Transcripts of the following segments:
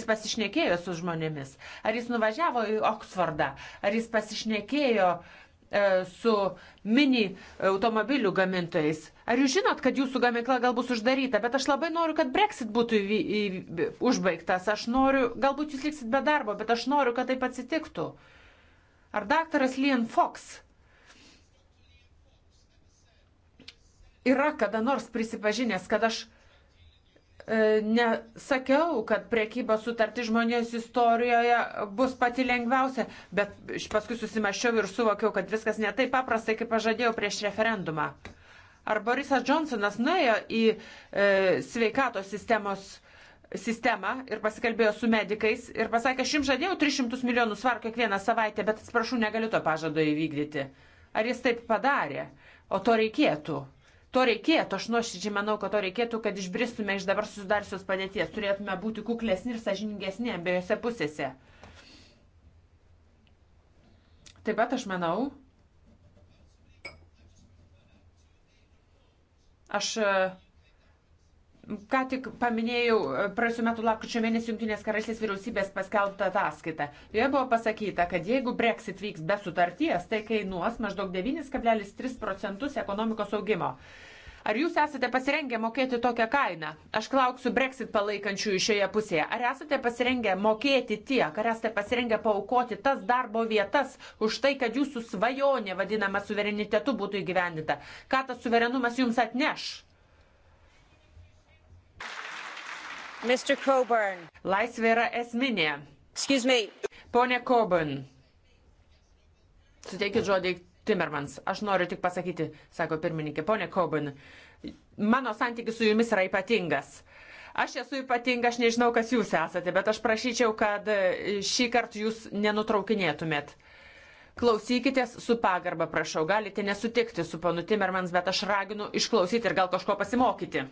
jis pasišnekėjo su žmonėmis, ar jis nuvažiavo į Oksfordą, ar jis pasišnekėjo e, su mini automobilių gamintojais. Ar jūs žinot, kad jūsų gamykla galbūt uždaryta, bet aš labai noriu, kad Brexit būtų į, į, užbaigtas. Aš noriu, galbūt jūs liksit be darbo, bet aš noriu, kad taip atsitiktų. Ar daktaras Lian Fox yra kada nors prisipažinęs, kad aš E, nesakiau, kad priekybos sutarti žmonijos istorijoje bus pati lengviausia, bet paskui susimašiau ir suvokiau, kad viskas ne taip paprastai, kaip pažadėjau prieš referendumą. Ar Borisas Johnsonas nuėjo į e, sveikatos sistemos sistemą ir pasikalbėjo su medikais ir pasakė, aš jums žadėjau 300 milijonų svarų kiekvieną savaitę, bet atsiprašau, negaliu to pažado įvykdyti. Ar jis taip padarė? O to reikėtų. To reikėtų, aš nuoširdžiai manau, kad to reikėtų, kad išbristume iš dabar susidariusios padėties. Turėtume būti kuklesni ir sažiningesni abiejose pusėse. Taip pat aš manau, aš e, ką tik paminėjau e, praėjusiu metu lapkričio mėnesį Junktinės karalystės vyriausybės paskelbtą ataskaitą. Joje buvo pasakyta, kad jeigu Brexit vyks be sutarties, tai kainuos maždaug 9,3 procentus ekonomikos augimo. Ar jūs esate pasirengę mokėti tokią kainą? Aš klausiu Brexit palaikančiųjų šioje pusėje. Ar esate pasirengę mokėti tiek? Ar esate pasirengę paukoti tas darbo vietas už tai, kad jūsų svajonė vadinama suverenitetu būtų įgyvendinta? Ką tas suverenumas jums atneš? Laisvė yra esminė. Pone Coburn, suteikit žodį Timmermans, aš noriu tik pasakyti, sako pirmininkė, ponė Coburn, mano santykis su jumis yra ypatingas. Aš esu ypatinga, aš nežinau, kas jūs esate, bet aš prašyčiau, kad e, šį kartą jūs nenutraukinėtumėt. Klausykitės su pagarba, prašau, galite nesutikti su panu Timmermans, bet aš raginu išklausyti ir gal kažko pasimokyti.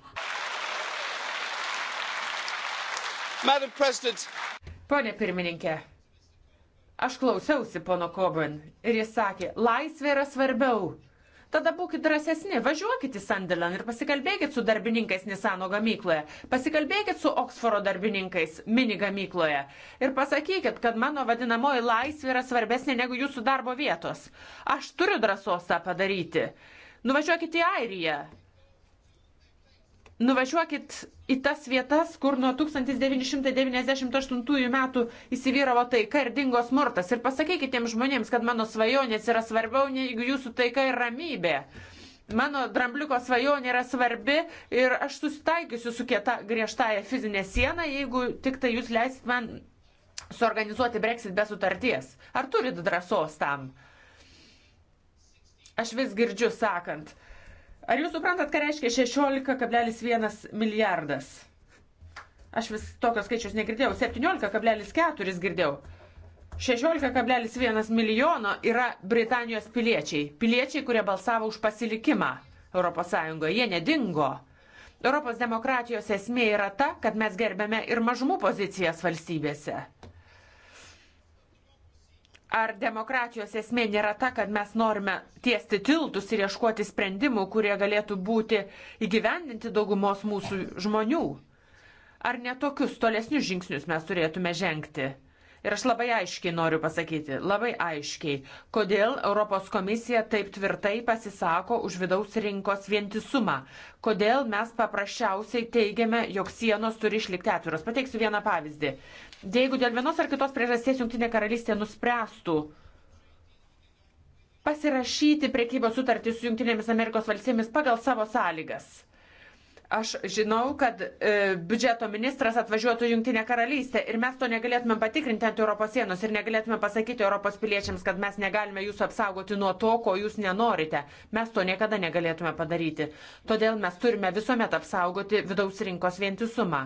Pone pirmininkė, Aš klausiausi pono Koban ir jis sakė, laisvė yra svarbiau. Tada būkite drąsesni, važiuokit į Sandelan ir pasikalbėkit su darbininkais Nisano gamykloje, pasikalbėkit su Oksforo darbininkais mini gamykloje ir pasakykit, kad mano vadinamoji laisvė yra svarbesnė negu jūsų darbo vietos. Aš turiu drąsos tą padaryti. Nuvažiuokit į Airiją, Nuvažiuokit į tas vietas, kur nuo 1998 metų įsivyravo taika ir dingo smurtas. Ir pasakykit tiem žmonėms, kad mano svajonės yra svarbiau negu jūsų taika ir ramybė. Mano drambliuko svajonė yra svarbi ir aš susitaikysiu su kieta griežtąją fizinę sieną, jeigu tik tai jūs leisit man suorganizuoti Brexit be sutarties. Ar turit drąsos tam? Aš vis girdžiu sakant, uh, Ar jūs suprantat, ką reiškia 16,1 milijardas? Aš vis tokios skaičius negirdėjau, 17,4 girdėjau. 16,1 milijono yra Britanijos piliečiai. Piliečiai, kurie balsavo už pasilikimą ES. Jie nedingo. Europos demokratijos esmė yra ta, kad mes gerbėme ir mažumų pozicijas valstybėse ar demokratijos esmė nėra ta, kad mes norime tiesti tiltus ir ieškoti sprendimų, kurie galėtų būti įgyvendinti daugumos mūsų žmonių? Ar netokius tolesnius žingsnius mes turėtume žengti? Ir aš labai aiškiai noriu pasakyti, labai aiškiai, kodėl Europos komisija taip tvirtai pasisako už vidaus rinkos vientisumą, kodėl mes paprasčiausiai teigiame, jog sienos turi išlikti atviros. Pateiksiu vieną pavyzdį. Jeigu dėl vienos ar kitos priežasties Junktinė karalystė nuspręstų pasirašyti priekybos sutartį su Junktinėmis Amerikos valstybėmis pagal savo sąlygas, Aš žinau, kad e, biudžeto ministras atvažiuotų į Junktinę karalystę ir mes to negalėtume patikrinti ant Europos sienos ir negalėtume pasakyti Europos piliečiams, kad mes negalime jūsų apsaugoti nuo to, ko jūs nenorite. Mes to niekada negalėtume padaryti. Todėl mes turime visuomet apsaugoti vidaus rinkos vientisumą.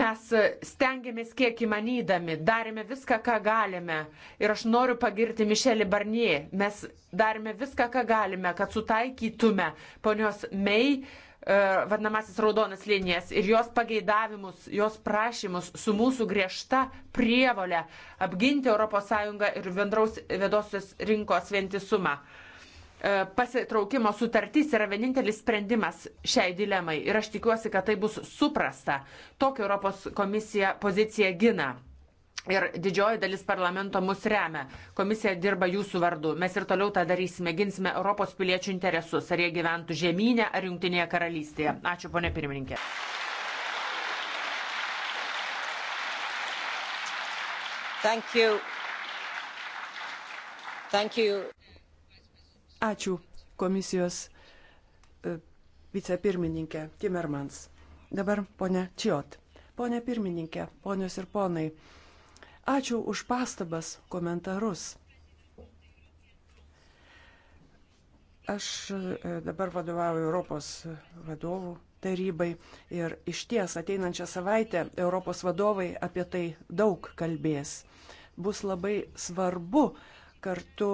Mes stengiamės kiek įmanydami, darėme viską, ką galime. Ir aš noriu pagirti Mišelį Barnie. Mes darėme viską, ką galime, kad sutaikytume ponios Mei. May E, vadinamasis raudonas linijas ir jos pageidavimus, jos prašymus su mūsų griežta prievolė apginti ES ir bendraus vėdosios rinkos vientisumą. E, pasitraukimo sutartys yra vienintelis sprendimas šiai dilemai ir aš tikiuosi, kad tai bus suprasta. Tokią Europos komisija poziciją gina. Ir didžioji dalis parlamento mus remia. Komisija dirba jūsų vardu. Mes ir toliau tą darysime. Ginsime Europos piliečių interesus, ar jie gyventų žemynė ar jungtinėje karalystėje. Ačiū, ponė pirmininkė. Thank you. Thank you. Ačiū komisijos e, vicepirmininkė Timermans. Dabar ponė Čiot. Ponė pirmininkė, ponios ir ponai. Ačiū už pastabas, komentarus. Aš e, dabar vadovauju Europos vadovų tarybai ir iš ties ateinančią savaitę Europos vadovai apie tai daug kalbės. Bus labai svarbu kartu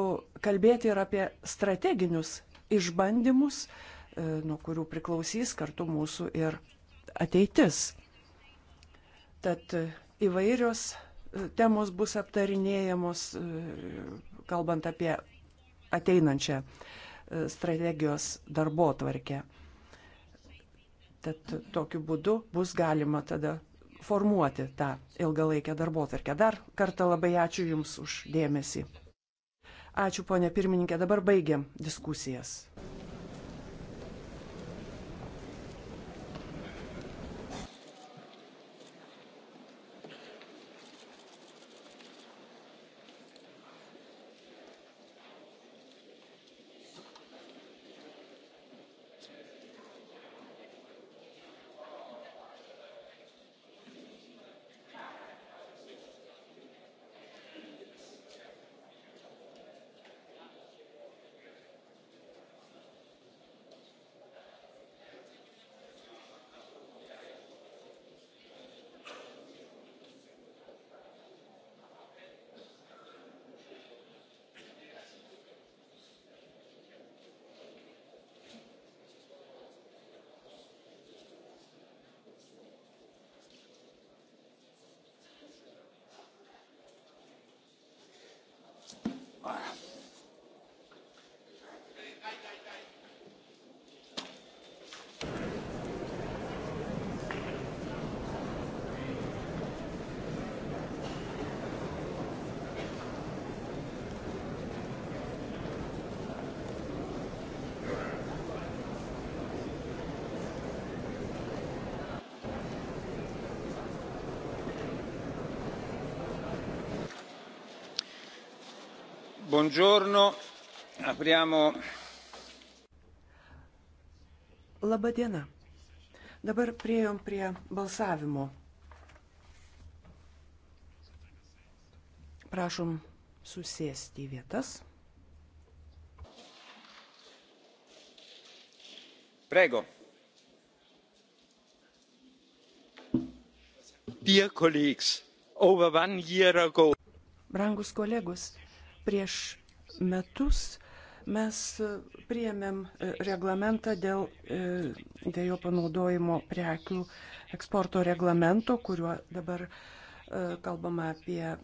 kalbėti ir apie strateginius išbandymus, e, nuo kurių priklausys kartu mūsų ir ateitis. Tad įvairios temos bus aptarinėjamos, e, kalbant apie ateinančią e, strategijos darbo tvarkę. Tad tokiu būdu bus galima tada formuoti tą ilgalaikę darbo tvarkę. Dar kartą labai ačiū Jums už dėmesį. Ačiū, ponė pirmininkė, dabar baigiam diskusijas. Buongiorno. Apriamo. Labą dieną. Dabar prieėjom prie balsavimo. Prašom susėsti į vietas. Prego. Dear colleagues, over one year ago. Brangus kolegos, prieš metus mes priėmėm e, reglamentą dėl e, dėjo panaudojimo prekių eksporto reglamento, kuriuo dabar e, kalbama apie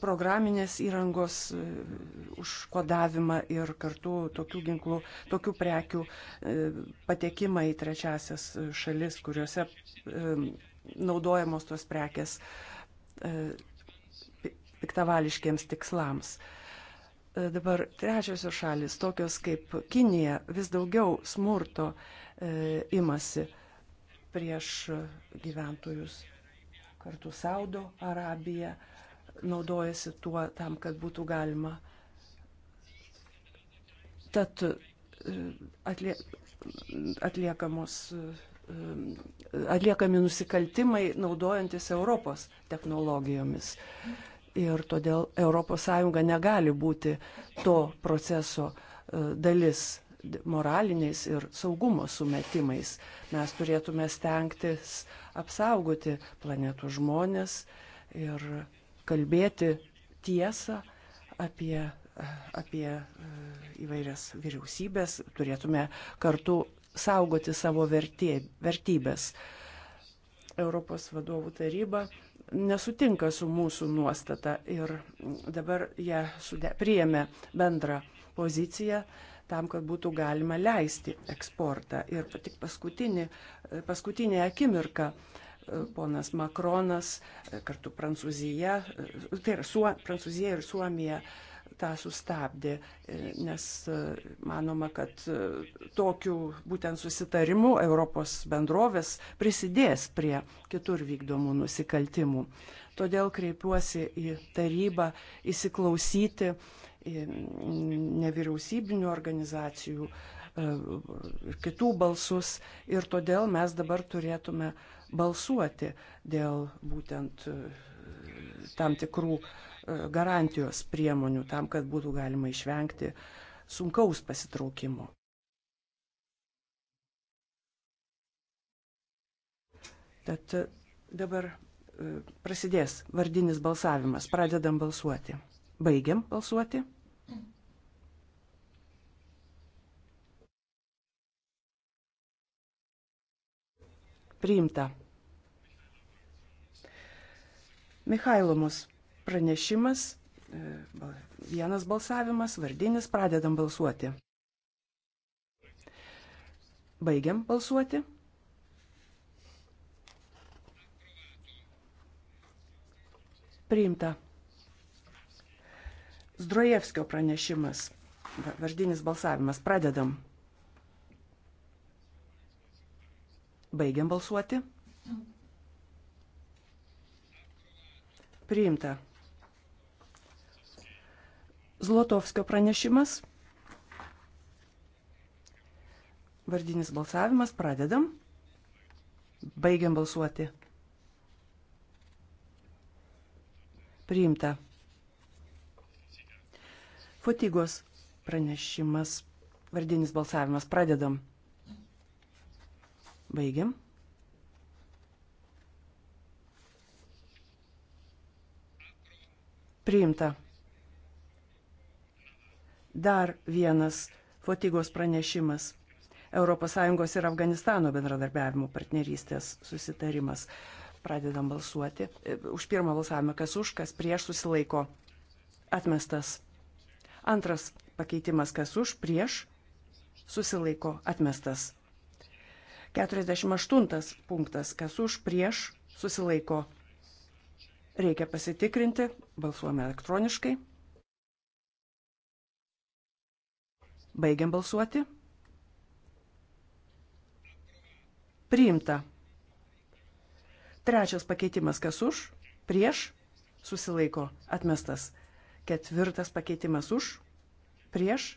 programinės įrangos užkodavimą ir kartu tokių ginklų, tokių prekių patekimą į trečiasias šalis, kuriuose naudojamos tos prekės piktavališkiems tikslams. E, dabar trečiosios šalis, tokios kaip Kinija, vis daugiau smurto e, imasi prieš gyventojus. Kartu Saudo Arabija naudojasi tuo tam, kad būtų galima. Tad e, atlie, atliekamos e, atliekami nusikaltimai naudojantis Europos technologijomis ir todėl ES negali būti to proceso e, dalis moraliniais ir saugumo sumetimais. Mes turėtume stengtis apsaugoti planetų žmonės ir kalbėti tiesą apie, e, apie e, įvairias vyriausybės, turėtume kartu saugoti savo vertė, vertybės. Europos vadovų taryba nesutinka su mūsų nuostata ir dabar jie sude, priėmė bendrą poziciją tam, kad būtų galima leisti eksportą. Ir tik paskutinį, paskutinį akimirką e, ponas Makronas, e, kartu Prancūzija, e, tai yra Su, Prancūzija ir Suomija tą sustabdė, e, nes e, manoma, kad e, tokiu būtent susitarimu Europos bendrovės prisidės prie kitur vykdomų nusikaltimų. Todėl kreipiuosi į tarybą įsiklausyti nevyriausybinių organizacijų, kitų balsus ir todėl mes dabar turėtume balsuoti dėl būtent tam tikrų uh, E, garantijos priemonių tam, kad būtų galima išvengti sunkaus pasitraukimo. Tad e, dabar e, prasidės vardinis balsavimas. Pradedam balsuoti. Baigiam balsuoti. Priimta. Mikhailomus pranešimas, e, vienas balsavimas, vardinis, pradedam balsuoti. Baigiam balsuoti. Priimta. Zdrojevskio pranešimas. Vardinis balsavimas. Pradedam. Baigiam balsuoti. Priimta. Zlotovskio pranešimas. Vardinis balsavimas. Pradedam. Baigiam balsuoti. Priimta. Fotigos pranešimas. Vardinis balsavimas. Pradedam. Baigiam. Priimta. Dar vienas Fotygos pranešimas. ES ir Afganistano bendradarbiavimo partnerystės susitarimas. Pradedam balsuoti. E, už pirmą balsavimą, kas už, kas prieš susilaiko. Atmestas. Antras pakeitimas, kas už, prieš susilaiko. Atmestas. 48 punktas, kas už, prieš susilaiko. Reikia pasitikrinti, balsuojame elektroniškai. Baigiam balsuoti. Priimta. Trečias pakeitimas kas už, prieš, susilaiko, atmestas. Ketvirtas pakeitimas už, prieš,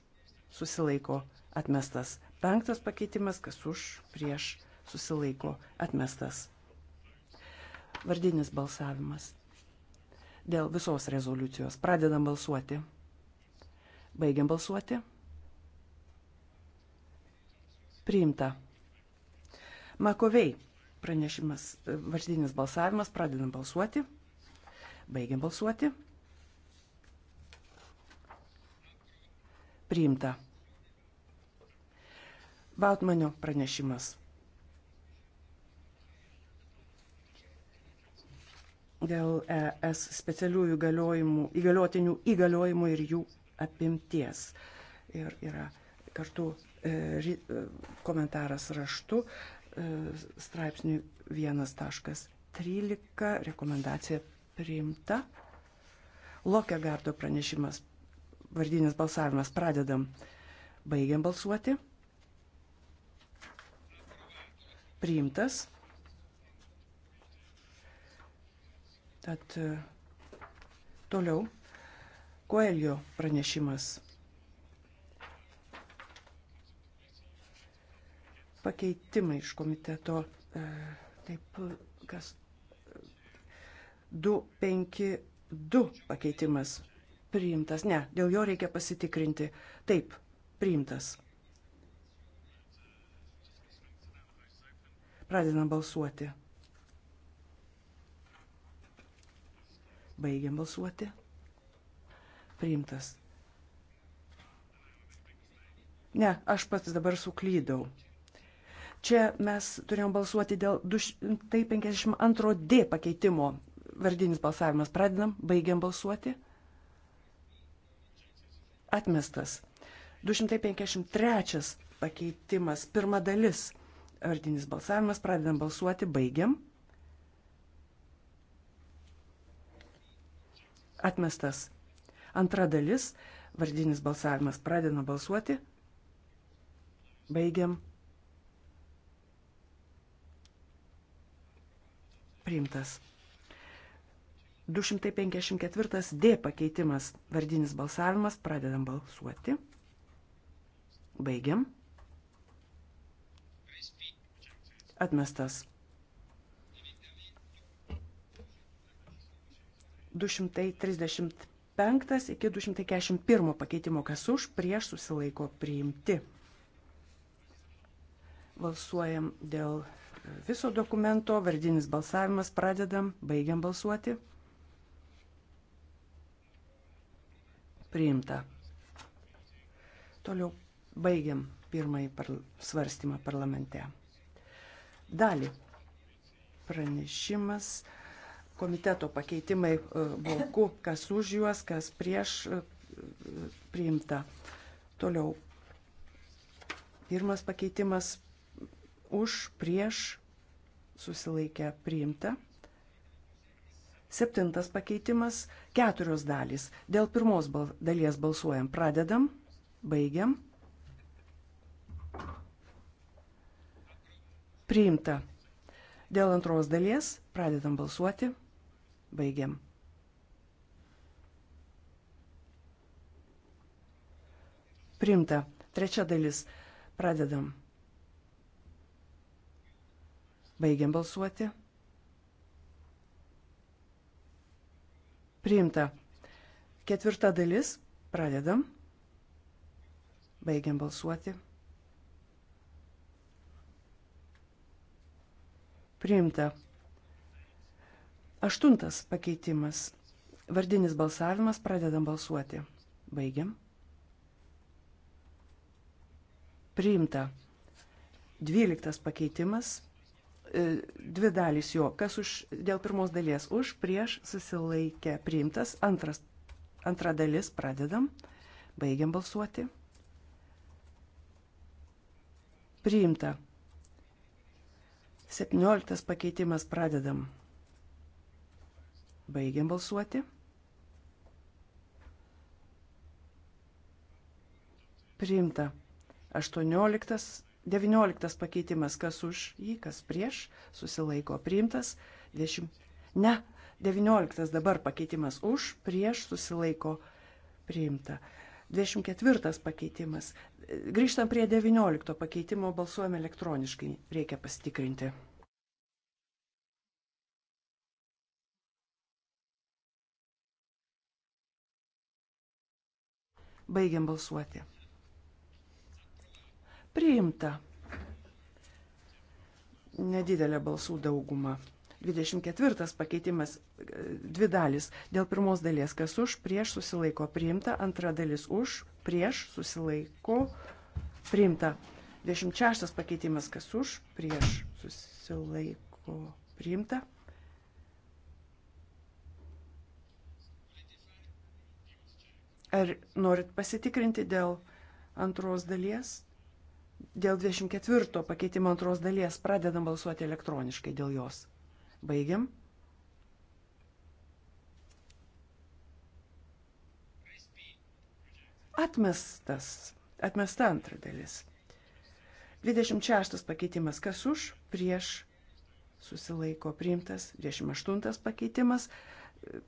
susilaiko, atmestas. Penktas pakeitimas kas už, prieš, susilaiko, atmestas. Vardinis balsavimas. Dėl visos rezoliucijos pradedam balsuoti. Baigiam balsuoti. Priimta. Makovei pranešimas, vardinis balsavimas, pradedam balsuoti. Baigiam balsuoti. Priimta. Bautmanio pranešimas. Dėl ES specialiųjų galiojimų, įgaliotinių įgaliojimų ir jų apimties. Ir yra kartu E, e, komentaras raštu e, straipsniui 1.13 rekomendacija priimta. Lokegardo pranešimas, vardinis balsavimas, pradedam, baigiam balsuoti. Priimtas. Tad toliau Koelio pranešimas pakeitimai iš komiteto. E, taip, kas 252 pakeitimas priimtas. Ne, dėl jo reikia pasitikrinti. Taip, priimtas. Pradedam balsuoti. Baigiam balsuoti. Priimtas. Ne, aš pats dabar suklydau. Čia mes turėjom balsuoti dėl 252D pakeitimo. Vardinis balsavimas. Pradedam, baigiam balsuoti. Atmestas. 253 pakeitimas. Pirma dalis. Vardinis balsavimas. Pradedam balsuoti, baigiam. Atmestas. Antra dalis. Vardinis balsavimas. Pradedam balsuoti. Baigiam. priimtas. 254 D pakeitimas vardinis balsavimas. Pradedam balsuoti. Baigiam. Atmestas. 235 iki 241 pakeitimo kas už prieš susilaiko priimti. Valsuojam dėl viso dokumento, vardinis balsavimas, pradedam, baigiam balsuoti. Priimta. Toliau baigiam pirmąjį par svarstymą parlamente. Dalį pranešimas komiteto pakeitimai e, bloku, kas už juos, kas prieš e, priimta. Toliau. Pirmas pakeitimas už prieš susilaikę priimta. Septintas pakeitimas - keturios dalys. Dėl pirmos bal dalies balsuojam. Pradedam, baigiam. Priimta. Dėl antros dalies pradedam balsuoti, baigiam. Priimta. Trečia dalis. Pradedam. Baigiam balsuoti. Priimta. Ketvirta dalis. Pradedam. Baigiam balsuoti. Priimta. Aštuntas pakeitimas. Vardinis balsavimas. Pradedam balsuoti. Baigiam. Priimta. Dvyliktas pakeitimas. E, dvi dalys jo, kas už, dėl pirmos dalies už, prieš susilaikė priimtas, antras, antra dalis pradedam, baigiam balsuoti. Priimta. 17 pakeitimas pradedam. Baigiam balsuoti. Priimta. 18 19 pakeitimas, kas už jį, kas prieš, susilaiko priimtas. 20. Ne, 19 dabar pakeitimas už, prieš, susilaiko priimta. 24 pakeitimas. Grįžtam prie 19 pakeitimo, balsuojam elektroniškai, reikia pasitikrinti. Baigiam balsuoti. Priimta. Nedidelė balsų dauguma. 24 pakeitimas, dvi dalis. Dėl pirmos dalies, kas už, prieš susilaiko priimta, antra dalis už, prieš susilaiko priimta. 26 pakeitimas, kas už, prieš susilaiko priimta. Ar norit pasitikrinti dėl antros dalies? Dėl 24 pakeitimo antros dalies pradedam balsuoti elektroniškai dėl jos. Baigiam. Atmestas. Atmesta antra dalis. 26 pakeitimas kas už, prieš, susilaiko priimtas. 28 pakeitimas.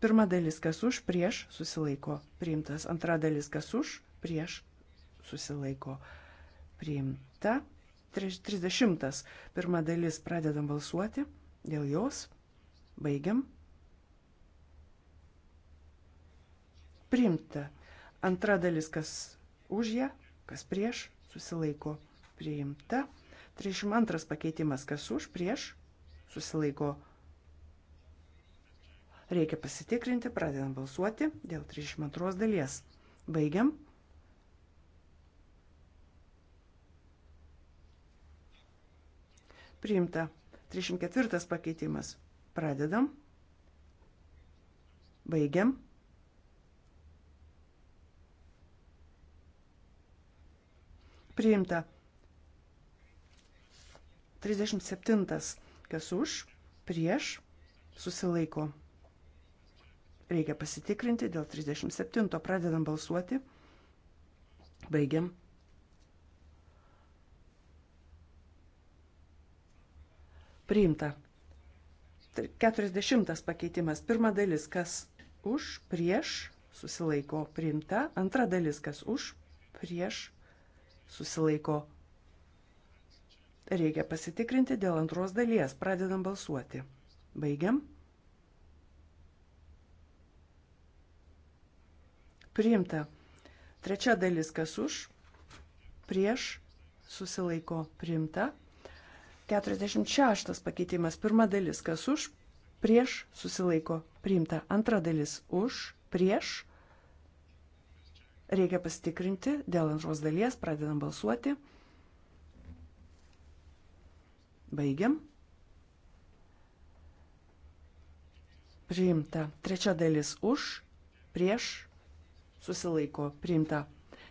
Pirma dalis kas už, prieš, susilaiko priimtas. Antra dalis kas už, prieš, susilaiko priimtas priimta. 30. Pirma dalis pradedam balsuoti. Dėl jos. Baigiam. Priimta. Antra dalis, kas už ją, kas prieš, susilaiko. Priimta. 32 pakeitimas, kas už, prieš, susilaiko. Reikia pasitikrinti, pradedam balsuoti dėl 32 dalies. Baigiam. Priimta. 34 pakeitimas. Pradedam. Baigiam. Priimta. 37. Kas už, prieš, susilaiko. Reikia pasitikrinti dėl 37. Pradedam balsuoti. Baigiam. priimta. 40 pakeitimas. Pirma dalis, kas už, prieš, susilaiko priimta. Antra dalis, kas už, prieš, susilaiko. Reikia pasitikrinti dėl antros dalies. Pradedam balsuoti. Baigiam. Priimta. Trečia dalis, kas už, prieš, susilaiko priimta. 46 pakeitimas. Pirma dalis, kas už, prieš susilaiko priimta. Antra dalis už, prieš. Reikia pasitikrinti dėl antros dalies, pradedam balsuoti. Baigiam. Priimta. Trečia dalis už, prieš, susilaiko, priimta.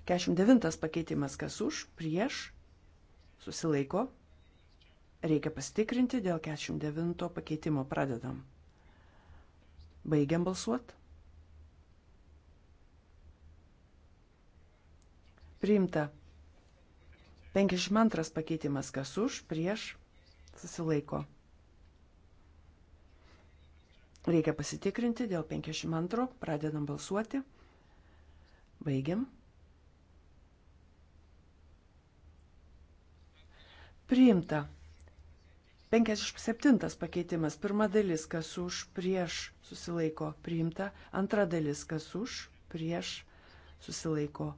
49 pakeitimas kas už, prieš, susilaiko, Reikia pasitikrinti dėl 49 pakeitimo. Pradedam. Baigiam balsuot. Priimta. 52 pakeitimas kas už, prieš, susilaiko. Reikia pasitikrinti dėl 52. Pradedam balsuoti. Baigiam. Priimta. 57 pakeitimas, pirma dalis, kas už, prieš, susilaiko, priimta, antra dalis, kas už, prieš, susilaiko.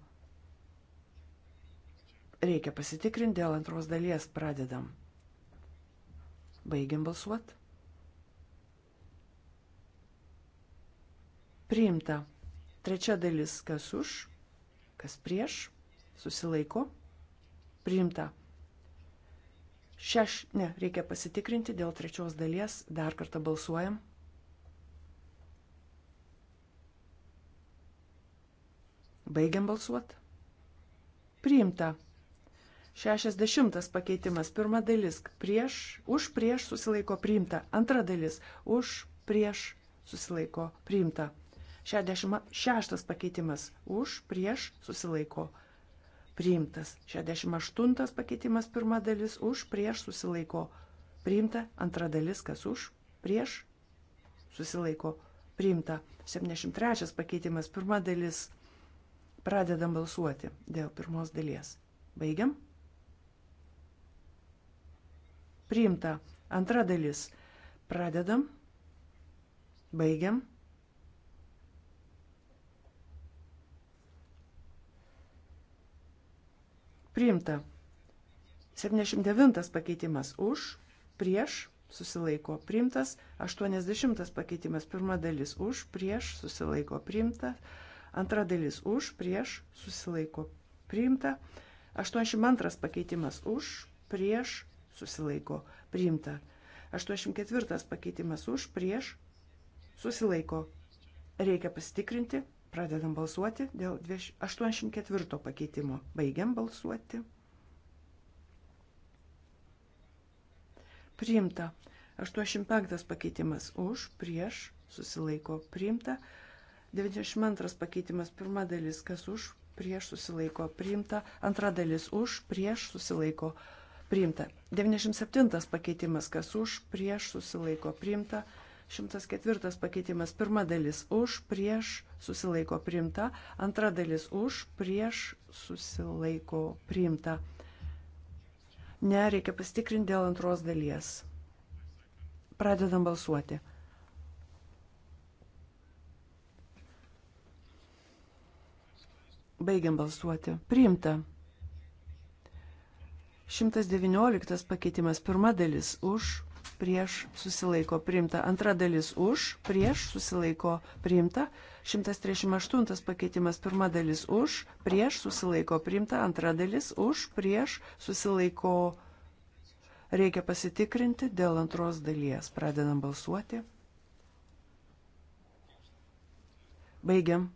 Reikia pasitikrinti dėl antros dalies, pradedam. Baigiam balsuot. Priimta. Trečia dalis, kas už, kas prieš, susilaiko. Priimta. Šeš, ne, reikia pasitikrinti dėl trečios dalies. Dar kartą balsuojam. Baigiam balsuot. Priimta. 60 pakeitimas. Pirma dalis. Prieš, už prieš susilaiko priimta. Antra dalis. Už prieš susilaiko priimta. 66 pakeitimas. Už prieš susilaiko priimta priimtas. 68 pakeitimas pirma dalis už, prieš susilaiko priimta, antra dalis kas už, prieš susilaiko priimta. 73 pakeitimas pirma dalis. Pradedam balsuoti dėl pirmos dalies. Baigiam. Priimta. Antra dalis. Pradedam. Baigiam. Priimta. 79 pakeitimas už, prieš, susilaiko priimtas. 80 pakeitimas pirma dalis už, prieš, susilaiko priimta. Antra dalis už, prieš, susilaiko priimta. 82 pakeitimas už, prieš, susilaiko priimta. 84 pakeitimas už, prieš, susilaiko. Reikia pasitikrinti. Pradedam balsuoti dėl 84 pakeitimo. Baigiam balsuoti. Priimta. 85 pakeitimas už, prieš, susilaiko. Priimta. 92 pakeitimas pirma dalis, kas už, prieš, susilaiko. Priimta. Antra dalis už, prieš, susilaiko. Priimta. 97 pakeitimas, kas už, prieš, susilaiko. Priimta. 104 pakeitimas. Pirma dalis už, prieš, susilaiko priimta. Antra dalis už, prieš, susilaiko priimta. Ne, reikia pasitikrinti dėl antros dalies. Pradedam balsuoti. Baigiam balsuoti. Priimta. 119 pakeitimas. Pirma dalis už, prieš susilaiko priimta. Antra dalis už, prieš susilaiko priimta. 138 pakeitimas, pirma dalis už, prieš susilaiko priimta. Antra dalis už, prieš susilaiko reikia pasitikrinti dėl antros dalies. Pradedam balsuoti. Baigiam.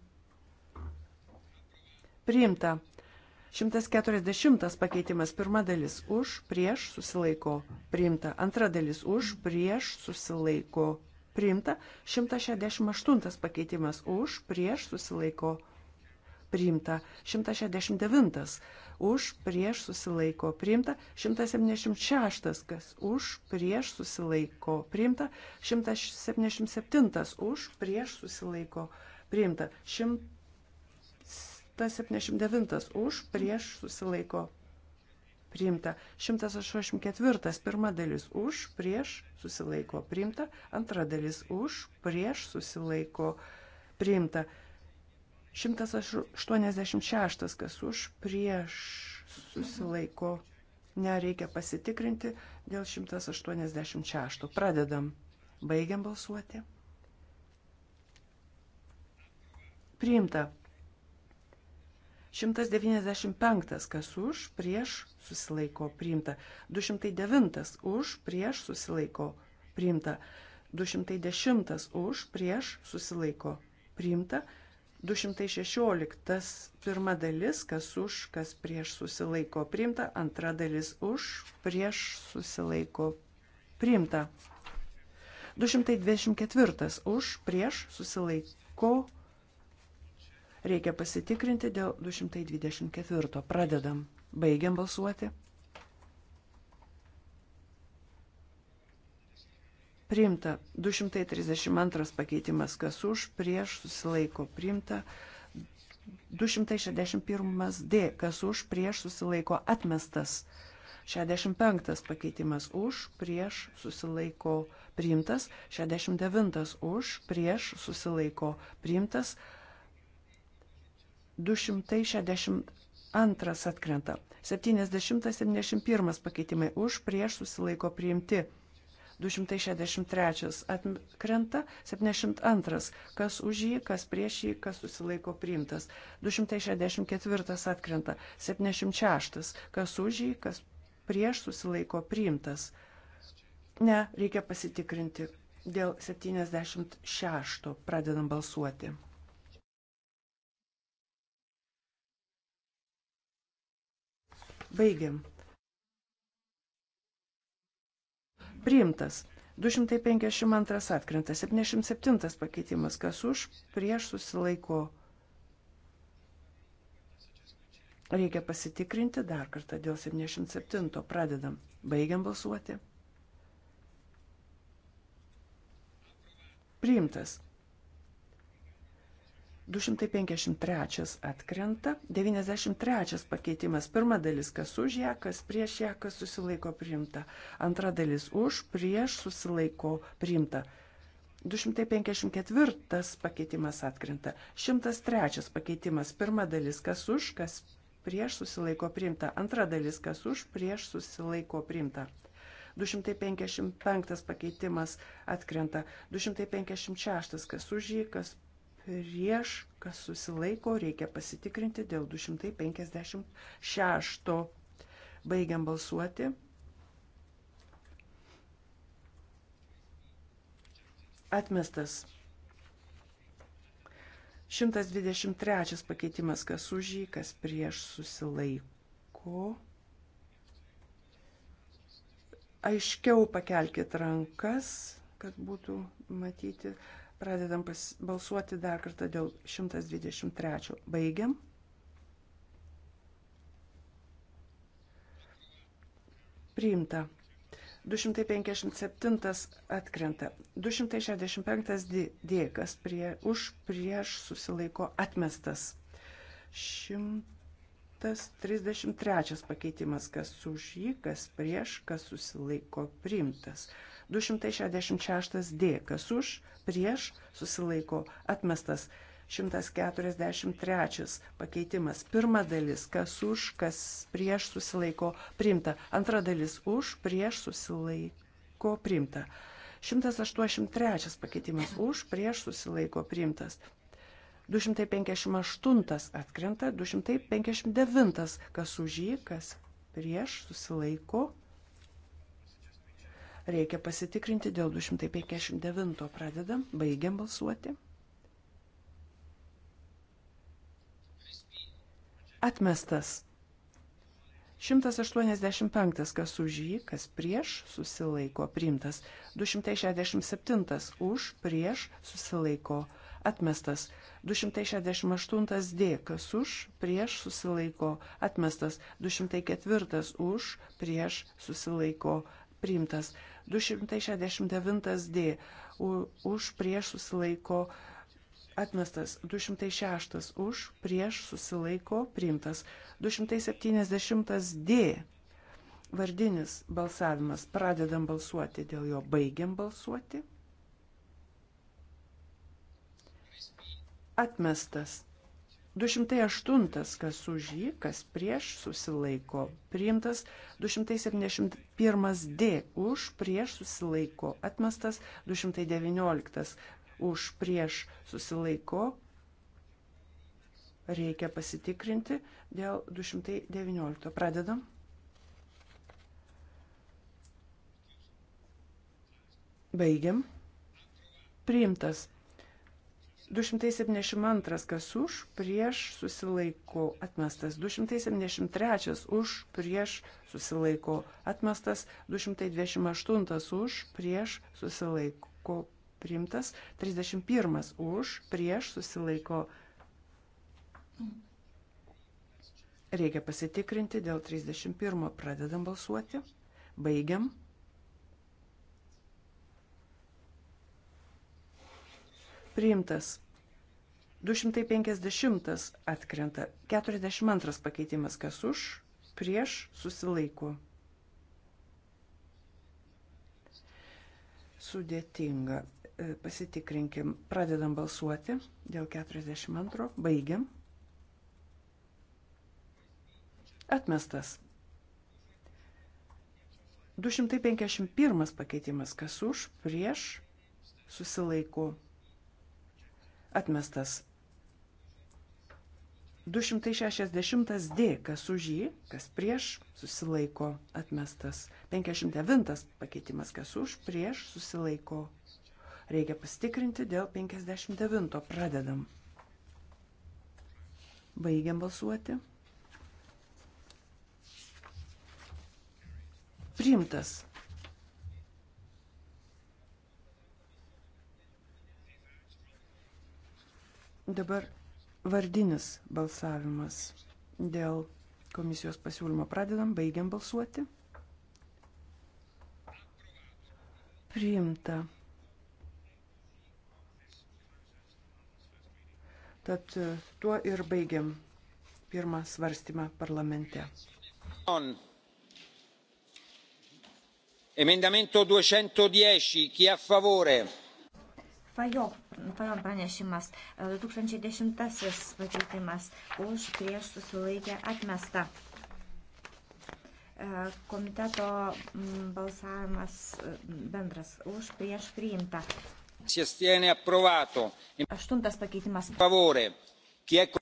Priimta. 140 pakeitimas pirma dalis už, prieš susilaiko priimta, antra dalis už, prieš susilaiko priimta, 168 pakeitimas už, prieš susilaiko priimta, 169 už, prieš susilaiko priimta, 176 kas už, prieš susilaiko priimta, 177 už, prieš susilaiko priimta, 100 179 už, prieš susilaiko priimta. 184 pirma dalis už, prieš susilaiko priimta. Antra dalis už, prieš susilaiko priimta. 186 kas už, prieš susilaiko. Nereikia pasitikrinti dėl 186. Pradedam. Baigiam balsuoti. Priimta. 195 kas už, prieš susilaiko priimta. 209 už, prieš susilaiko priimta. 210 už, prieš susilaiko priimta. 216 pirma dalis, kas už, kas prieš susilaiko priimta. Antra dalis už, prieš susilaiko priimta. 224 už, prieš susilaiko priimta. Reikia pasitikrinti dėl 224. Pradedam. Baigiam balsuoti. Priimta 232 pakeitimas, kas už, prieš, susilaiko. Priimta 261 D, kas už, prieš, susilaiko. Atmestas 65 pakeitimas už, prieš, susilaiko priimtas, 69 už, prieš, susilaiko priimtas, 262 atkrenta. 70-71 pakeitimai už, prieš susilaiko priimti. 263 atkrenta, 72 kas už jį, kas prieš jį, kas susilaiko priimtas. 264 atkrenta, 76 kas už jį, kas prieš susilaiko priimtas. Ne, reikia pasitikrinti. Dėl 76 pradedam balsuoti. Baigiam. Priimtas. 252 atkrenta. 77 pakeitimas. Kas už? Prieš susilaiko. Reikia pasitikrinti dar kartą dėl 77. Pradedam. Baigiam balsuoti. Priimtas. 253 atkrenta, 93 pakeitimas, pirma dalis, kas už ją, kas prieš ją, kas susilaiko priimta, antra dalis už, prieš susilaiko priimta. 254 pakeitimas atkrenta, 103 pakeitimas, pirma dalis, kas už, kas prieš susilaiko priimta, antra dalis, kas už, prieš susilaiko priimta. 255 pakeitimas atkrenta, 256 kas už jį, kas prieš, kas susilaiko, reikia pasitikrinti dėl 256. Baigiam balsuoti. Atmestas. 123 pakeitimas, kas už jį, kas prieš susilaiko aiškiau pakelkit rankas, kad būtų matyti. Pradedam pas, balsuoti dar kartą dėl 123. Baigiam. Priimta. 257 atkrenta. 265 D, kas prie, už prieš susilaiko atmestas. 133 pakeitimas, kas už jį, kas prieš, kas susilaiko priimtas. 266 D, kas už, prieš, susilaiko, atmestas. 143 pakeitimas. Pirma dalis, kas už, kas prieš susilaiko primta. Antra dalis, už, prieš susilaiko primta. 183 pakeitimas, už, prieš susilaiko primtas. 258 atkrenta, 259 kas už jį, kas prieš susilaiko Reikia pasitikrinti dėl 259. Pradedam, baigiam balsuoti. Atmestas. 185, kas už jį, kas prieš, susilaiko priimtas. 267 už, prieš, susilaiko atmestas. 268 D, kas už, prieš, susilaiko atmestas. 204 už, prieš, susilaiko priimtas. 269D už prieš susilaiko atmestas. 206 už prieš susilaiko priimtas. 270D vardinis balsavimas. Pradedam balsuoti dėl jo, baigiam balsuoti. Atmestas. 208, kas už jį, kas prieš, susilaiko. Priimtas 271 D, už, prieš, susilaiko. Atmestas 219, už, prieš, susilaiko. Reikia pasitikrinti dėl 219. Pradedam. Baigiam. Priimtas 272 kas už, prieš susilaiko atmestas. 273 už, prieš susilaiko atmestas. 228 už, prieš susilaiko priimtas. 31 už, prieš susilaiko. Reikia pasitikrinti dėl 31. Pradedam balsuoti. Baigiam. priimtas. 250 atkrenta. 42 pakeitimas kas už, prieš susilaiko. Sudėtinga. E, pasitikrinkim. Pradedam balsuoti dėl 42. Baigiam. Atmestas. 251 pakeitimas kas už, prieš susilaiko. Atmestas. 260 D, kas už jį, kas prieš, susilaiko atmestas. 59 pakeitimas, kas už, prieš, susilaiko. Reikia pasitikrinti dėl 59. Pradedam. Baigiam balsuoti. Priimtas. Dabar Vardinis balsavimas dėl komisijos pasiūlymo. Pradedam, baigiam balsuoti. Priimta. Tad tuo ir baigiam pirmą svarstymą parlamente. On. Emendamento 210, chi a favore? Fajon pranešimas, 2010 e, pakeitimas už prieš susilaikę atmestą. E, komiteto balsavimas e, bendras už prieš priimtą. Aštuntas pakeitimas. Favore. Kiek...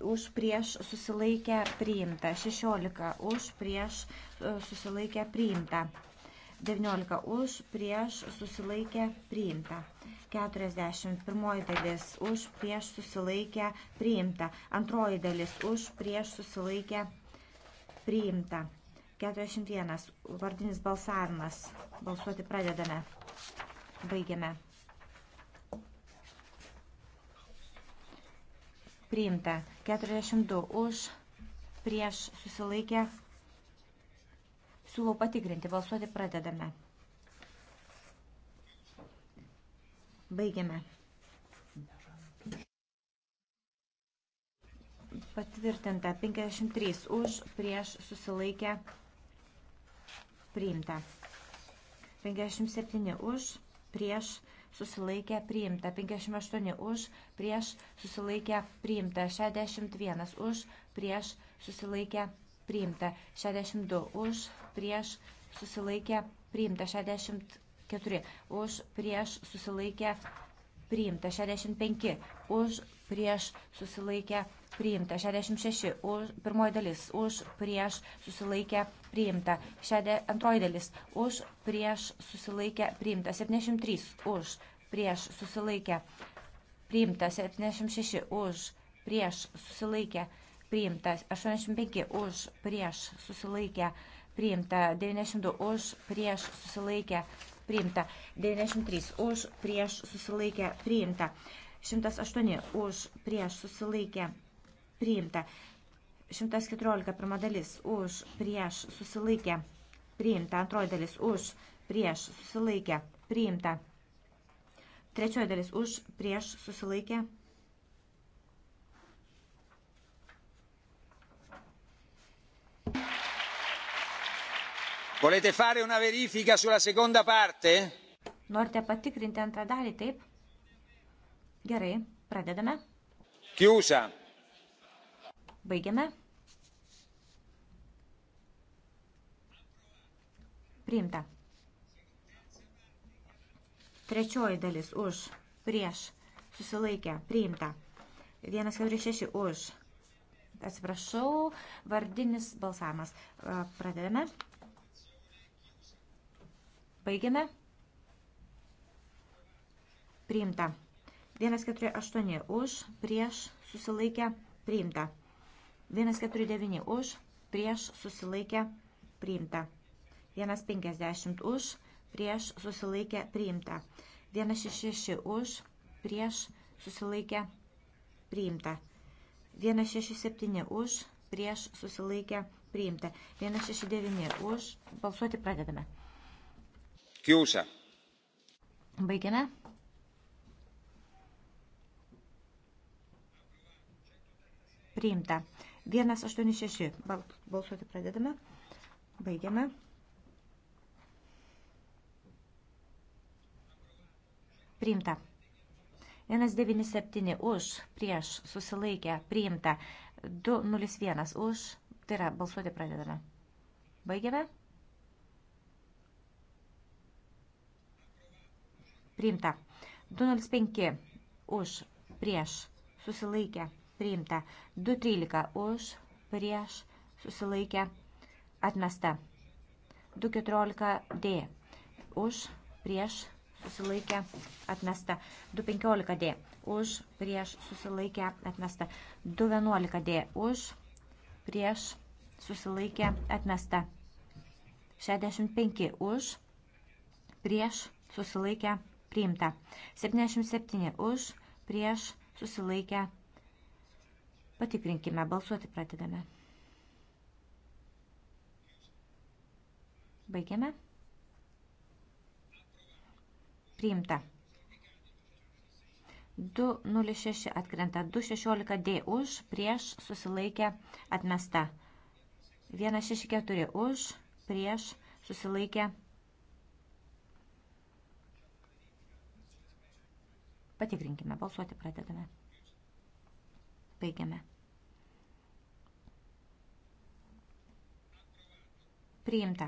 Už prieš susilaikę priimta. 16. Už prieš susilaikę priimta. 19 už, prieš, susilaikė, priimta. 41 dalis už, prieš, susilaikė, priimta. Antroji dalis už, prieš, susilaikė, priimta. 41 vardinis balsavimas. Balsuoti pradedame. Baigiame. Priimta. 42 už, prieš, susilaikė, priimta Siūlau patikrinti. Balsuoti pradedame. Baigiame. Patvirtinta 53 už, prieš susilaikę priimta. 57 už, prieš susilaikę priimta. 58 už, prieš susilaikę priimta. 61 už, prieš susilaikę priimta. 62 už, prieš susilaikė priimta 64, už prieš susilaikė priimta 65, už prieš susilaikė priimta 66, už pirmoji dalis, už prieš susilaikė priimta, šede, antroji dalis, už prieš susilaikė priimta 73, už prieš susilaikė priimta 76, už prieš susilaikė priimta 85, už prieš susilaikė priimta priimta, 92 už, prieš susilaikę priimta, 93 už, prieš susilaikę priimta, 108 už, prieš susilaikę priimta, 114 pirma dalis už, prieš susilaikę priimta, antroji dalis už, prieš susilaikę priimta, trečioji dalis už, prieš susilaikę priimta Volete fare una verifica sulla seconda parte? Norite patikrinti antrą dalį, taip? Gerai, pradedame. Chiusa. Baigiame. Priimta. Trečioji dalis už, prieš, susilaikę, priimta. 146 už. Atsiprašau, vardinis balsavimas. Pradedame. Baigiame. Priimta. 148 už, prieš, susilaikę, priimta. 149 už, prieš, susilaikę, priimta. 150 už, prieš, susilaikę, priimta. 166 už, prieš, susilaikę, priimta. 167 už, prieš, susilaikę, priimta. 169 už, balsuoti pradedame. Chiusa. Baigiame. Priimta. 186. Balsuoti pradedame. Baigiame. Priimta. 197 už, prieš, susilaikę, priimta. 201 už, tai yra balsuoti pradedame. Baigiame. priimta. 205 už, prieš, susilaikę, priimta. 213 už, prieš, susilaikę, atmesta. 214 D už, prieš, susilaikę, atmesta. 215 D už, prieš, susilaikę, atmesta. 211 D už, prieš, susilaikę, atmesta. 65 už, prieš, susilaikę, atmesta priimta. 77 už, prieš, susilaikę. Patikrinkime, balsuoti pradedame. Baigiame. Priimta. 206 atkrenta, 216D už, prieš, susilaikę, atmesta. 164 už, prieš, susilaikę, Patikrinkime, balsuoti pradedame. Baigiame. Priimta.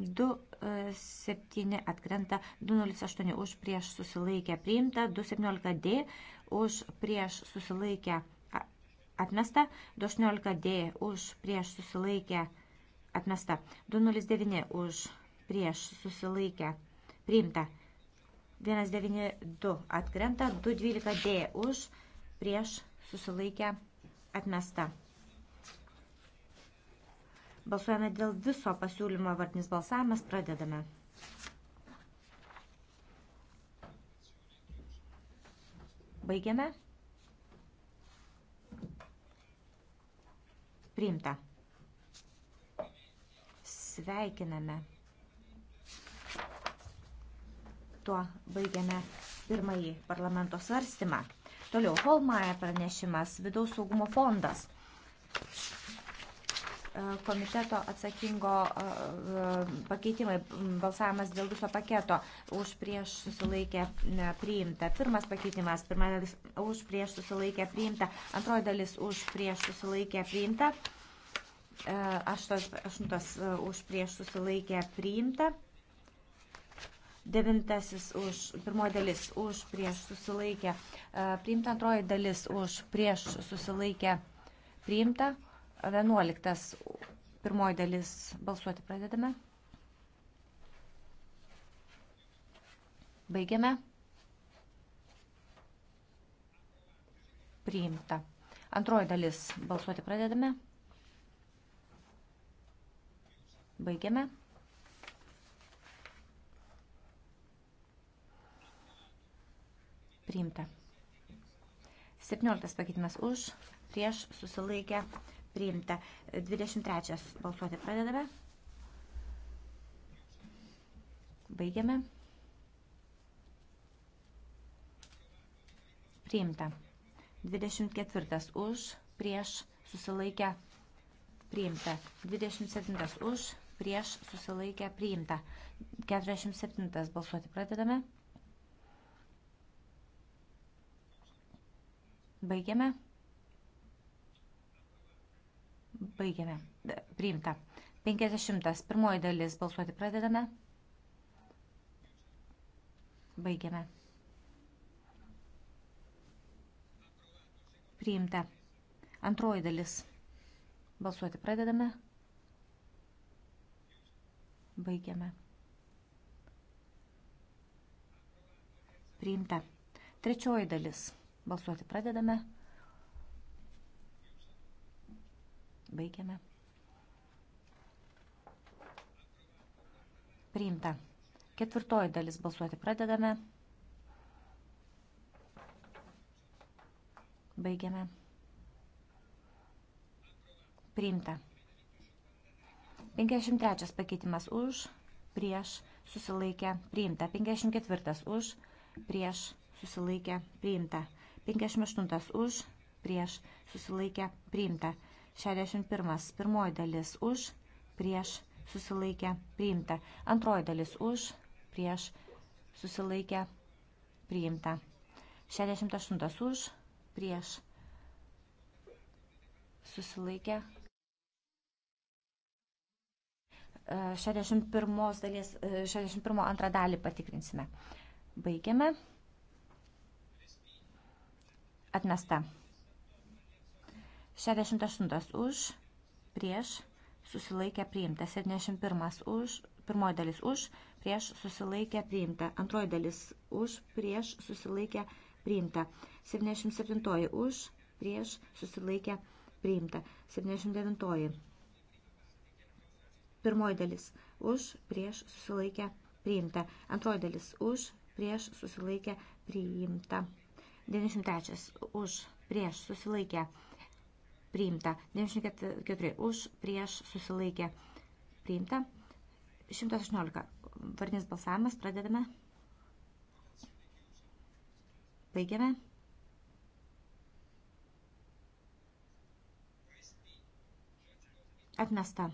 2.7 e, atkrenta 2.08 už prieš susilaikę priimta, 2.17D už prieš susilaikę atmesta, 2.18D už prieš susilaikę atmesta, 2.09 už prieš susilaikę priimta, 2.09 192 atkrenta, 212D už, prieš susilaikę atmesta. Balsuojame dėl viso pasiūlymo vardinis balsavimas, pradedame. Baigiame. Priimta. Sveikiname. Tuo baigiame pirmąjį parlamento svarstymą. Toliau Holmaja pranešimas vidaus saugumo fondas. E, komiteto atsakingo e, pakeitimai, balsavimas dėl viso paketo už prieš susilaikę priimta. Pirmas pakeitimas, pirma dalis už prieš susilaikę priimta, antroji dalis už prieš susilaikę priimta, e, aštuntas už prieš susilaikę priimta. Devintasis už, pirmoji dalis už prieš susilaikę. E, priimta antroji dalis už prieš susilaikę. Priimta. Vienuoliktas pirmoji dalis balsuoti pradedame. Baigiame. Priimta. Antroji dalis balsuoti pradedame. Baigiame. priimta. 17 pakeitimas už, prieš susilaikę priimta. 23 balsuoti pradedame. Baigiame. Priimta. 24 už, prieš susilaikę priimta. 27 už, prieš susilaikę priimta. 47 balsuoti pradedame. Baigiame. Baigiame. Priimta. 50. Pirmoji dalis. Balsuoti pradedame. Baigiame. Priimta. Antroji dalis. Balsuoti pradedame. Baigiame. Priimta. Trečioji dalis. Balsuoti pradedame. Baigiame. Priimta. Ketvirtoji dalis balsuoti pradedame. Baigiame. Priimta. 53 pakeitimas už, prieš, susilaikę, priimta. 54 už, prieš, susilaikę, priimta. 58 už, prieš, susilaikė, priimta. 61. Pirmoji dalis už, prieš, susilaikė, priimta. Antroji dalis už, prieš, susilaikė, priimta. 68 už, prieš, susilaikė. 61 e, dalies, 61 e, antrą dalį patikrinsime. Baigiame. Atmesta. 68 už, prieš, susilaikė priimta. 71 už, pirmoji dalis už, prieš, susilaikė priimta. Antroji dalis už, prieš, susilaikė priimta. 77 už, prieš, susilaikė priimta. 79. Pirmoji dalis už, prieš, susilaikė priimta. Antroji dalis už, prieš, susilaikė priimta. 93 už prieš susilaikę priimta. 94 už prieš susilaikę priimta. 118 vardinis balsavimas pradedame. Baigiame. Atmesta.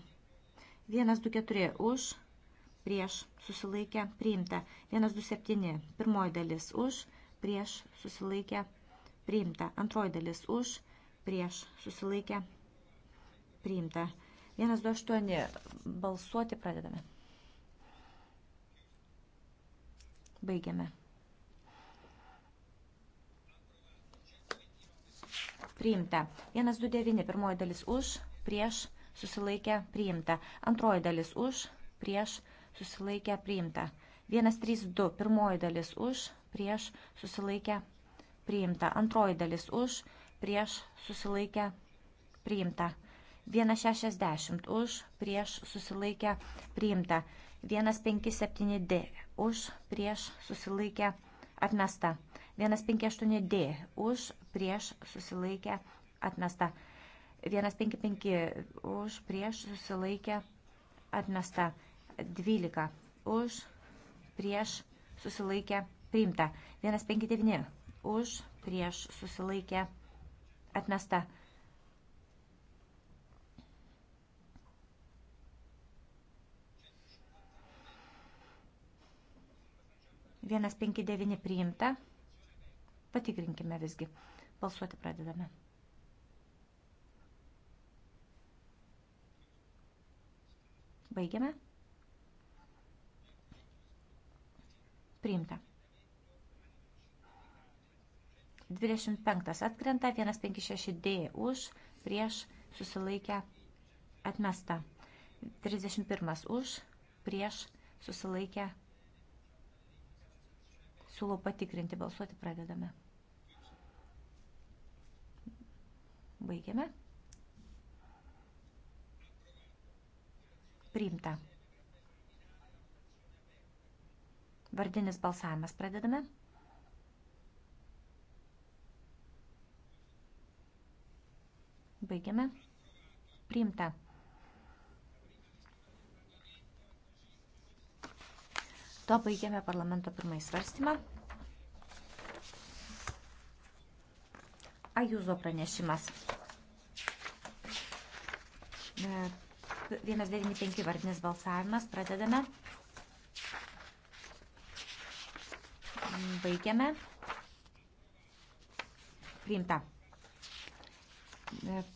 1, 2, 4 už, prieš, susilaikę, priimta. 1, 2, 7, pirmoji dalis už, prieš susilaikę priimta. Antroji dalis už prieš susilaikę priimta. 128 balsuoti pradedame. Baigiame. Priimta. 129 pirmoji dalis už prieš susilaikę priimta. Antroji dalis už prieš susilaikę priimta. 132 pirmoji dalis už prieš susilaikę priimta. Antroji dalis už, prieš susilaikę priimta. 160 už, prieš susilaikę priimta. 157D už, prieš susilaikę atmesta. 158D už, prieš susilaikę atmesta. 155 už, prieš susilaikę atmesta. 12 už, prieš susilaikę atmesta priimta. 159 už, prieš susilaikė atmesta. Vienas penki devini priimta. Patikrinkime visgi. Balsuoti pradedame. Baigiame. Priimta. 25 atkrenta, 156D už, prieš susilaikę atmesta. 31 už, prieš susilaikę. Siūlau patikrinti, balsuoti pradedame. Baigiame. Priimta. Vardinis balsavimas pradedame. Baigiame. Priimta. To baigiame parlamento pirmąjį svarstymą. Ajuzo pranešimas. 195 vardinis balsavimas. Pradedame. Baigiame. Priimta.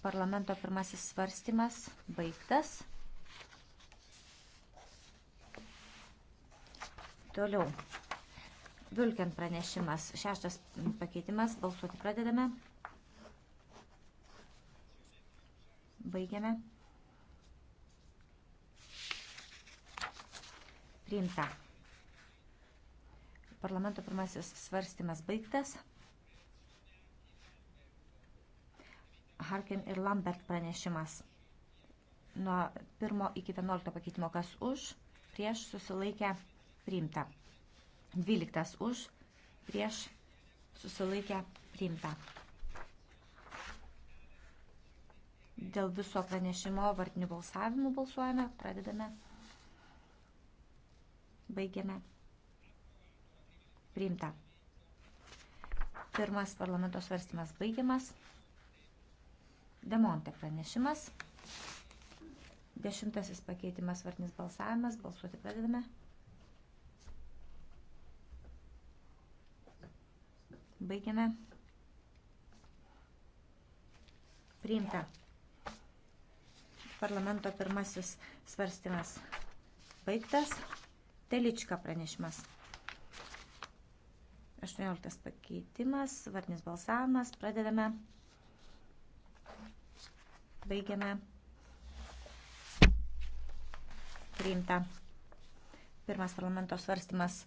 Parlamento pirmasis svarstymas baigtas. Toliau. Vilkiant pranešimas. Šeštas pakeitimas. Balsuoti pradedame. Baigiame. Priimta. Parlamento pirmasis svarstymas baigtas. Harkin ir Lambert pranešimas. Nuo 1 iki 11 pakeitimo kas už, prieš susilaikę priimta. 12 už, prieš susilaikę priimta. Dėl viso pranešimo vartinių balsavimų balsuojame, pradedame, baigiame. Priimta. Pirmas parlamento svarstymas baigiamas. Demonte pranešimas. Dešimtasis pakeitimas vartinis balsavimas. Balsuoti pradedame. Baigiame. Priimta. Parlamento pirmasis svarstymas baigtas. Telička pranešimas. 18 pakeitimas, vardinis balsavimas, pradedame. Baigiame. Priimta. Pirmas parlamento svarstymas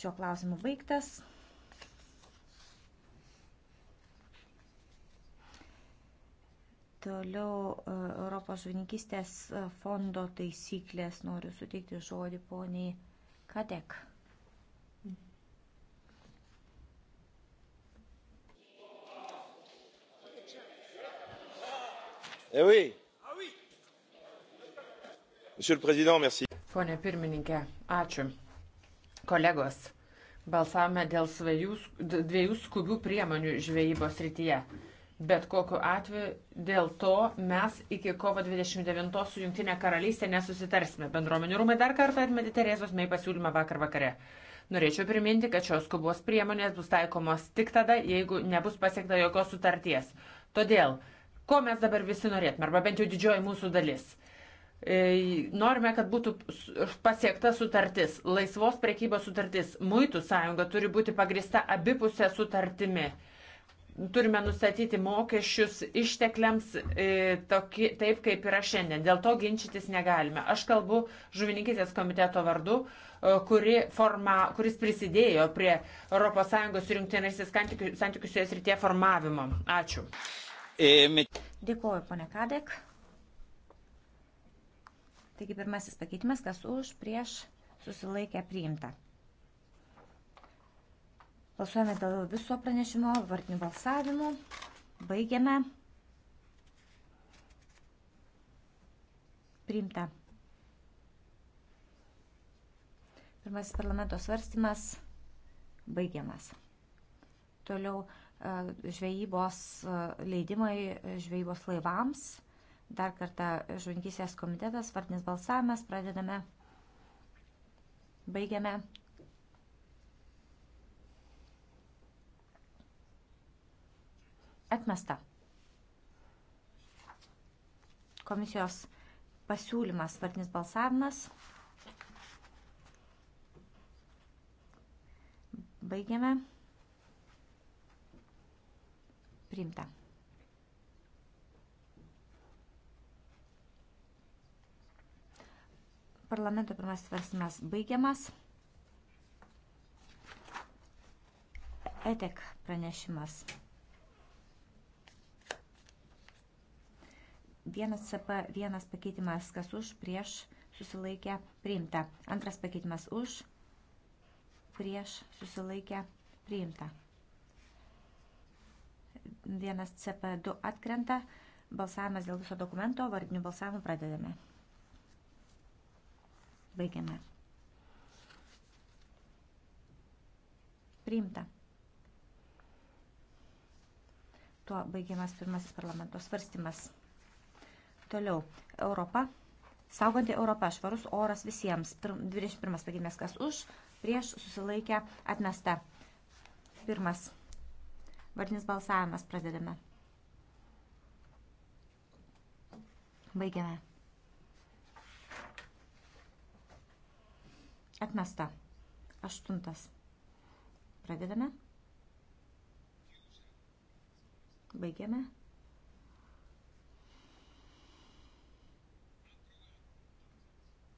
šiuo klausimu baigtas. Toliau e, Europos žuvininkystės fondo taisyklės noriu suteikti žodį poniai Kadek. Eh ah oui. Monsieur le Président, merci. Pone pirmininkė, ačiū. Kolegos, balsavome dėl svejų, dviejų skubių priemonių žvejybos rytyje. Bet kokiu atveju dėl to mes iki kovo 29 su Junktinė karalystė nesusitarsime. Bendruomenių rūmai dar kartą atmetė Terezos mei pasiūlymą vakar vakare. Norėčiau priminti, kad šios skubos priemonės bus taikomos tik tada, jeigu nebus pasiekta jokios sutarties. Todėl ko mes dabar visi norėtume, arba bent jau didžioji mūsų dalis. E, norime, kad būtų pasiekta sutartis, laisvos priekybos sutartis, muitų sąjunga turi būti pagrista abipusė sutartimi. Turime nustatyti mokesčius ištekliams e, toki, taip, kaip yra šiandien. Dėl to ginčytis negalime. Aš kalbu žuvininkitės komiteto vardu, e, kuri forma, kuris prisidėjo prie ES ir jungtinės santykių su jais rytie formavimo. Ačiū. E, Dėkuoju, ponė Kadek. Taigi pirmasis pakeitimas, kas už, prieš, susilaikę priimta. Balsuojame dėl viso pranešimo, vartinių balsavimų. Baigiame. Priimta. Pirmasis parlamento svarstymas baigiamas. Toliau žvejybos e, leidimai žvejybos laivams. Dar kartą žuvininkysės komitetas, vardinis balsavimas, pradedame, baigiame. Atmesta. Komisijos pasiūlymas, vardinis balsavimas. Baigiame. Priimta. Parlamento pirmasis svarstymas baigiamas. ETEK pranešimas. 1CP1 pakeitimas, kas už, prieš, susilaikę, priimta. Antras pakeitimas už, prieš, susilaikę, priimta vienas CP2 atkrenta. Balsavimas dėl viso dokumento, vardinių balsavimų pradedame. Baigiame. Priimta. Tuo baigiamas pirmasis parlamento svarstymas. Toliau. Europa. Sauganti Europa. Švarus oras visiems. 21 pagimės kas už, prieš susilaikę atmesta. Pirmas. Vardinis balsavimas pradedame. Baigiame. Atmesta. Aštuntas. Pradedame. Baigiame.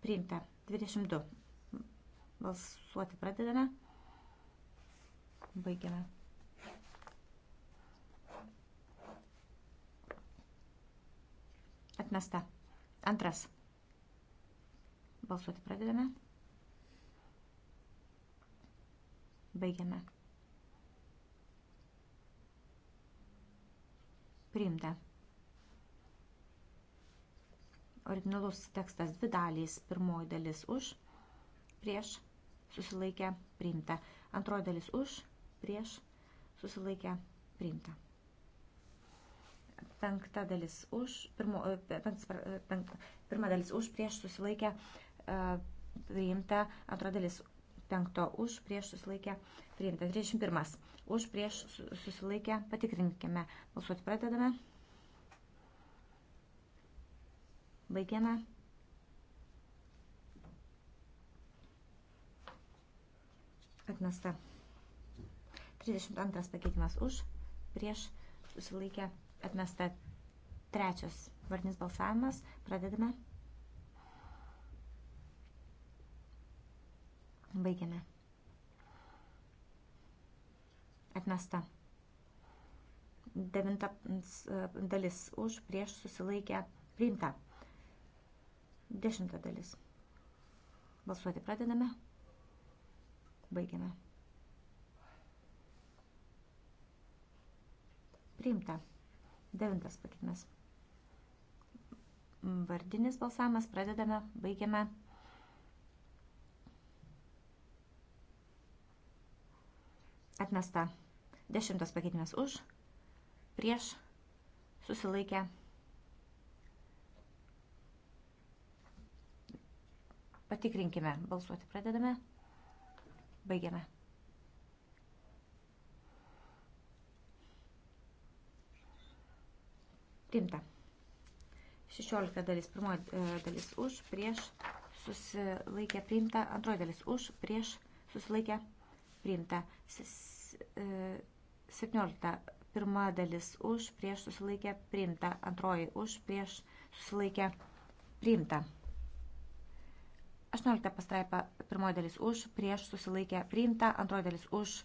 Priimta. 22. Balsuoti pradedame. Baigiame. Atmesta. Antras. Balsuoti pradedame. Baigiame. Priimta. Originalus tekstas dvi dalys. Pirmoji dalis už, prieš, susilaikę, priimta. Antroji dalis už, prieš, susilaikę, priimta penkta dalis už, pirmo, e, penktas, e, penk, pirma dalis už, prieš susilaikę e, priimta, antra dalis penkto už, prieš susilaikę priimta, 31 už, prieš susilaikę patikrinkime, balsuoti pradedame, baigiame. Atmesta. 32 pakeitimas už, prieš susilaikę priimta atmesta. Trečias vardinis balsavimas. Pradedame. Baigiame. Atmesta. Devinta e, dalis už prieš susilaikę priimta. Dešimta dalis. Balsuoti pradedame. Baigiame. Priimta. Devintas pakeitimas. Vardinis balsavimas. Pradedame, baigiame. Atmesta. Dešimtas pakeitimas už. Prieš. Susilaikę. Patikrinkime. Balsuoti pradedame. Baigiame. Priimta. 16 dalis, pirmoji e, dalis už, prieš, susilaikė priimta, antroji dalis už, prieš, susilaikė priimta. 17, e, pirma dalis už, prieš, susilaikė priimta, antroji už, prieš, susilaikė priimta. 18 pastraipa, pirmoji dalis už, prieš, susilaikė priimta, antroji dalis už,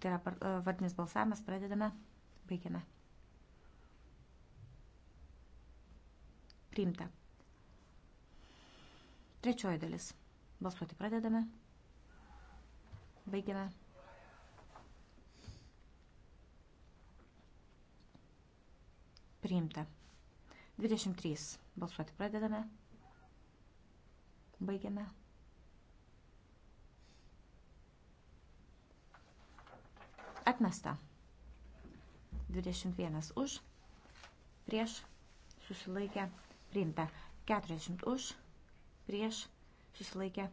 tai yra e, vardinis balsavimas, pradedame, baigiame. Priimta. Trečioji dalis. Balsuoti pradedame. Baigiame. Priimta. 23. Balsuoti pradedame. Baigiame. Atmesta. 21 už, prieš, susilaikę, priimta. 40 už, prieš, susilaikė,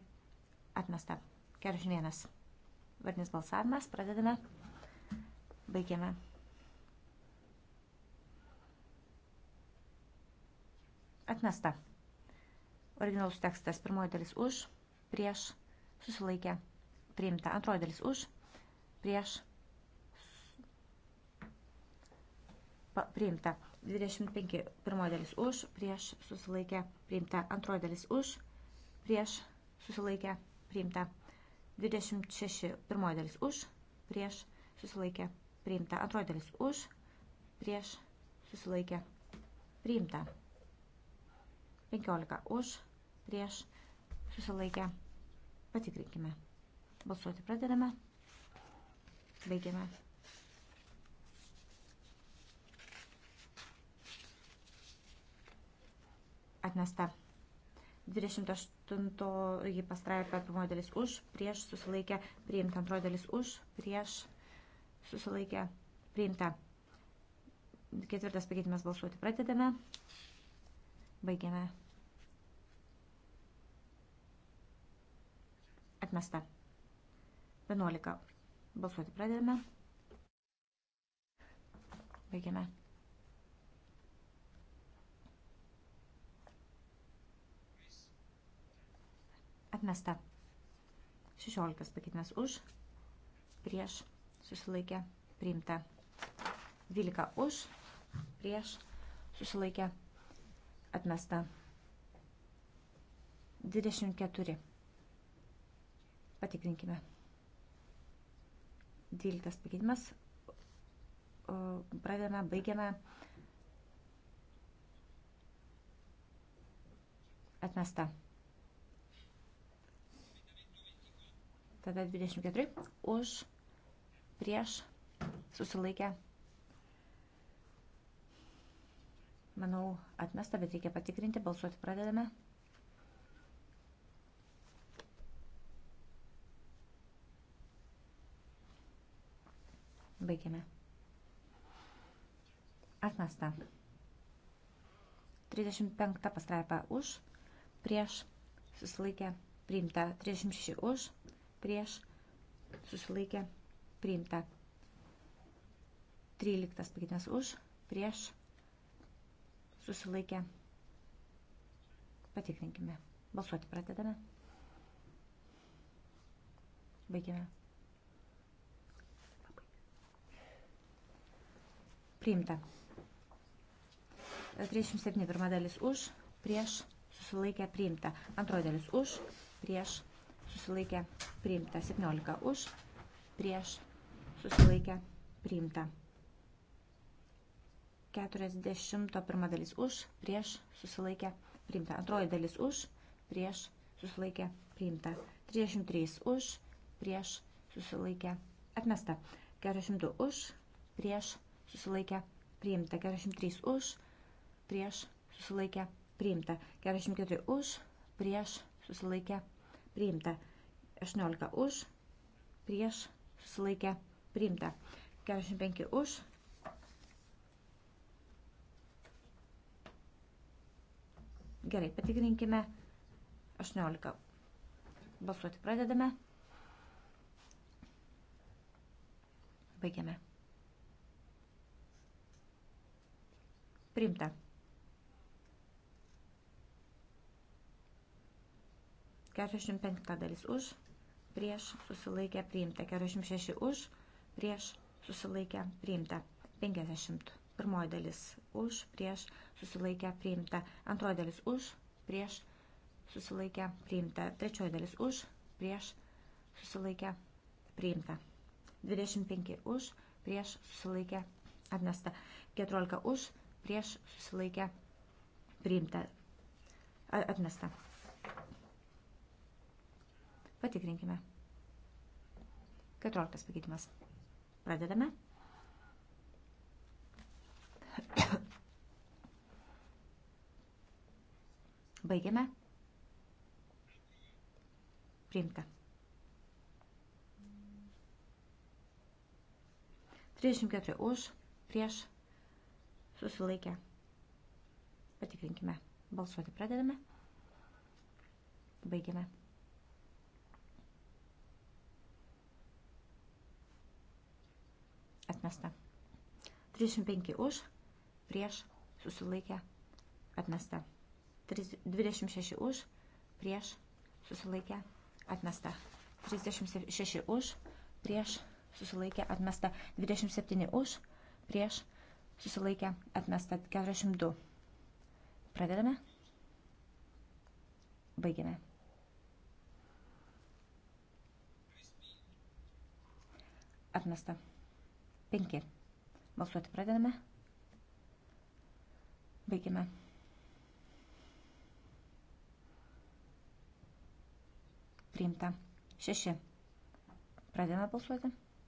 atmesta. 41. Vardinis balsavimas, pradedame, baigiame. Atmesta. Originalus tekstas, pirmoji dalis už, prieš, susilaikė, priimta. Antroji dalis už, prieš, priimta. 25. Pirmoji dalis už, prieš susilaikę priimta. Antroji dalis už, prieš susilaikę priimta. 26. Pirmoji dalis už, prieš susilaikę priimta. Antroji dalis už, prieš susilaikę priimta. 15. Už, prieš susilaikę. Patikrinkime. Balsuoti pradedame. Baigiame. atmesta. 28 pastraipa pirmoji dalis už, prieš susilaikė priimta, antroji dalis už, prieš susilaikė priimta. Ketvirtas pakeitimas balsuoti pradedame. Baigiame. Atmesta. 11. Balsuoti pradedame. Baigiame. atmesta. 16 pakeitimas už, prieš, susilaikė, priimta. 12 už, prieš, susilaikė, atmesta. 24. Patikrinkime. 12 pakeitimas. Pradedame, baigiame. Atmesta. PV24 už prieš susilaikę. Manau, atmesta, bet reikia patikrinti. Balsuoti pradedame. Baigiame. Atmesta. 35 pastraipa už, prieš susilaikę priimta 36 už, prieš susilaikė priimta. 13 pakeitimas už, prieš susilaikė. Patikrinkime. Balsuoti pradedame. Baigiame. Priimta. 37 pirma dalis už, prieš susilaikė priimta. Antroji dalis už, prieš susilaikė priimta. 17 už, prieš susilaikė priimta. 41 dalis už, prieš susilaikė priimta. Antroji dalis už, prieš susilaikė priimta. 33 už, prieš susilaikė atmesta. 42 už, prieš susilaikė priimta. 43 už, prieš susilaikė priimta. 44 už, prieš susilaikė priimta priimta. 18 už, prieš, susilaikė, priimta. 45 už. Gerai, patikrinkime. 18. Balsuoti pradedame. Baigiame. Priimta. 45 dalis už, prieš susilaikę priimta. 46 už, prieš susilaikę priimta. 50. Pirmoji dalis už, prieš susilaikę priimta. Antroji dalis už, prieš susilaikę priimta. Trečioji dalis už, prieš susilaikę priimta. 25 už, prieš susilaikę atmesta. 14 už, prieš susilaikę priimta. Atmesta. Patikrinkime. 14 pakeitimas. Pradedame. Baigiame. Priimta. 34 už, prieš, susilaikę. Patikrinkime. Balsuoti pradedame. Baigiame. atmesta. 35 už, prieš, susilaikė, atmesta. 26 už, prieš, susilaikė, atmesta. 36 už, prieš, susilaikė, atmesta. 27 už, prieš, susilaikė, atmesta. 42. Pradedame. Baigiame. Atmesta. 5. Balsuoti pradedame. Baigime. Priimta. 6. Pradedame balsuoti.